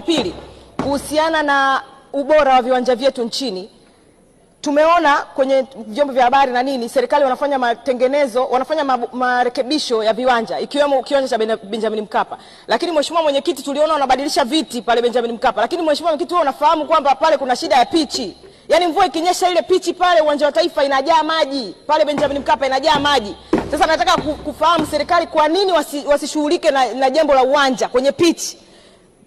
pili, kuhusiana na ubora wa viwanja vyetu nchini, tumeona kwenye vyombo vya habari na nini, serikali wanafanya matengenezo, wanafanya marekebisho ya viwanja ikiwemo kiwanja cha Benjamin Mkapa. Lakini mheshimiwa mwenyekiti, tuliona wanabadilisha viti pale Benjamin Mkapa, lakini mheshimiwa mwenyekiti, wewe unafahamu kwamba pale kuna shida ya pichi. Yaani mvua ikinyesha, ile pichi pale uwanja wa Taifa inajaa maji, pale Benjamin Mkapa inajaa maji. Sasa nataka kufahamu serikali kwa nini wasishughulike wasi na, na jambo la uwanja kwenye pichi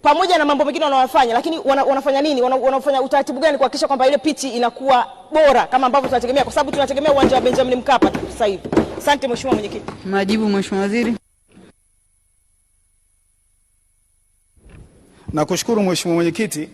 pamoja na mambo mengine wanayofanya, lakini wana, wanafanya nini? Wana, wanafanya utaratibu gani kuhakikisha kwamba ile pichi inakuwa bora kama ambavyo tunategemea, kwa sababu tunategemea uwanja wa Benjamin Mkapa tu sasa hivi. Asante Mheshimiwa Mwenyekiti. Majibu Mheshimiwa Waziri. Nakushukuru Mheshimiwa Mwenyekiti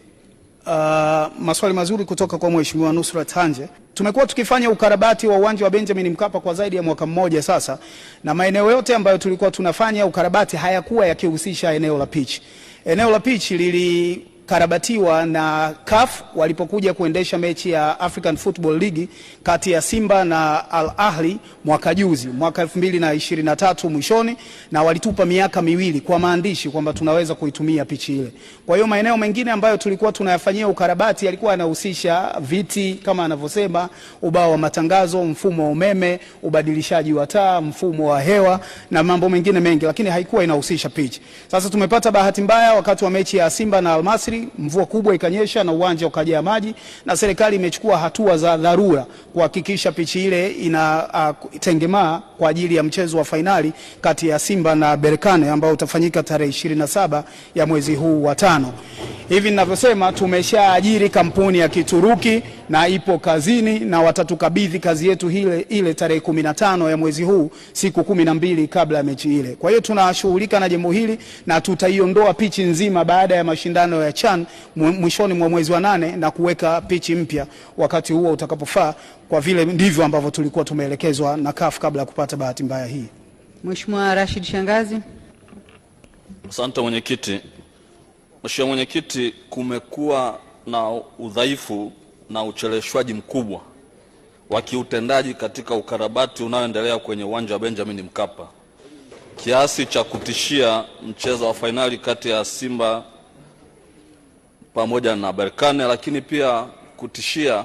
uh, maswali mazuri kutoka kwa Mheshimiwa Nusra Tanje. Tumekuwa tukifanya ukarabati wa uwanja wa Benjamin Mkapa kwa zaidi ya mwaka mmoja sasa, na maeneo yote ambayo tulikuwa tunafanya ukarabati hayakuwa yakihusisha eneo la pitch. Eneo la pitch lili karabatiwa na CAF walipokuja kuendesha mechi ya African Football League kati ya Simba na Al Ahli mwaka juzi, mwaka 2023 mwishoni, na walitupa miaka miwili kwa maandishi kwamba tunaweza kuitumia pichi ile. Kwa hiyo maeneo mengine ambayo tulikuwa tunayafanyia ukarabati yalikuwa yanahusisha viti kama anavyosema, ubao wa matangazo, mfumo wa umeme, ubadilishaji wa taa, mfumo wa hewa na mambo mengine mengi, lakini haikuwa inahusisha pichi. Sasa tumepata bahati mbaya wakati wa mechi ya Simba na Almasri mvua kubwa ikanyesha na uwanja ukajaa maji, na serikali imechukua hatua za dharura kuhakikisha pichi ile inatengemaa uh, kwa ajili ya mchezo wa fainali kati ya Simba na Berkane ambao utafanyika tarehe 27 ya mwezi huu wa tano. Hivi ninavyosema, tumeshaajiri kampuni ya Kituruki na ipo kazini na watatukabidhi kazi yetu ile ile tarehe 15 ya mwezi huu, siku kumi na mbili kabla ya mechi ile. Kwa hiyo tunashughulika na jambo hili na tutaiondoa pichi nzima baada ya mashindano ya CHAN mwishoni mwa mwezi wa nane na kuweka pichi mpya wakati huo utakapofaa, kwa vile ndivyo ambavyo tulikuwa tumeelekezwa na CAF kabla ya kupata bahati mbaya hii. Mheshimiwa Rashid Shangazi. Asante mwenyekiti. Mheshimiwa Mwenyekiti, kumekuwa na udhaifu na ucheleweshwaji mkubwa wa kiutendaji katika ukarabati unaoendelea kwenye uwanja wa Benjamin Mkapa kiasi cha kutishia mchezo wa fainali kati ya Simba pamoja na Berkane, lakini pia kutishia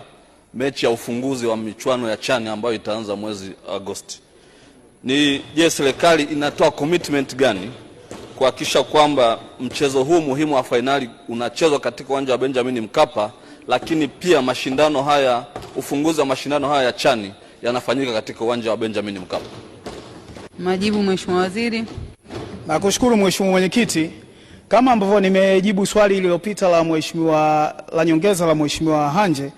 mechi ya ufunguzi wa michuano ya chani ambayo itaanza mwezi Agosti. Ni je, serikali inatoa commitment gani kuhakikisha kwamba mchezo huu muhimu wa fainali unachezwa katika uwanja wa Benjamin Mkapa, lakini pia mashindano haya, ufunguzi wa mashindano haya ya chani yanafanyika katika uwanja wa Benjamin Mkapa. Majibu, Mheshimiwa Waziri. Nakushukuru Mheshimiwa Mwenyekiti, kama ambavyo nimejibu swali lililopita la mheshimiwa la nyongeza la Mheshimiwa Hanje,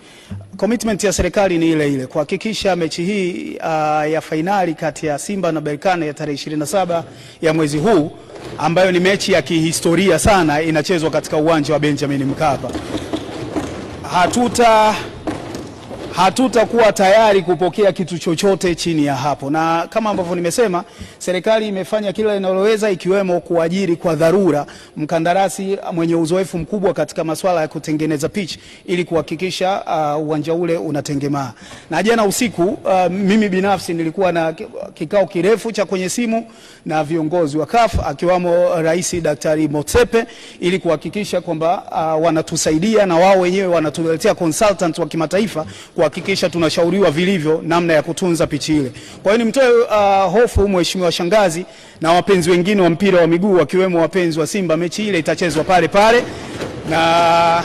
Commitment ya serikali ni ile ile kuhakikisha mechi hii uh, ya fainali kati ya Simba na Berkane ya tarehe 27 ya mwezi huu ambayo ni mechi ya kihistoria sana inachezwa katika uwanja wa Benjamin Mkapa. Hatuta hatutakuwa tayari kupokea kitu chochote chini ya hapo, na kama ambavyo nimesema, serikali imefanya kila inaloweza ikiwemo kuajiri kwa dharura mkandarasi mwenye uzoefu mkubwa katika masuala ya kutengeneza pitch ili kuhakikisha uh, uwanja ule unatengemaa. Na jana usiku uh, mimi binafsi nilikuwa na kikao kirefu cha kwenye simu na viongozi wa CAF akiwamo Rais Daktari Motsepe ili kuhakikisha kwamba uh, wanatusaidia na wao wenyewe wanatuletea consultant wa kimataifa kwa kuhakikisha tunashauriwa vilivyo namna ya kutunza pichi ile. Kwa hiyo nimtoe uh, hofu mheshimiwa Shangazi na wapenzi wengine wa mpira wa miguu wakiwemo wapenzi wa Simba, mechi ile itachezwa pale pale na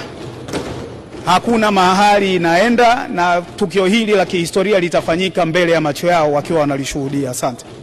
hakuna mahali inaenda, na tukio hili la kihistoria litafanyika mbele ya macho yao wakiwa wanalishuhudia. Asante.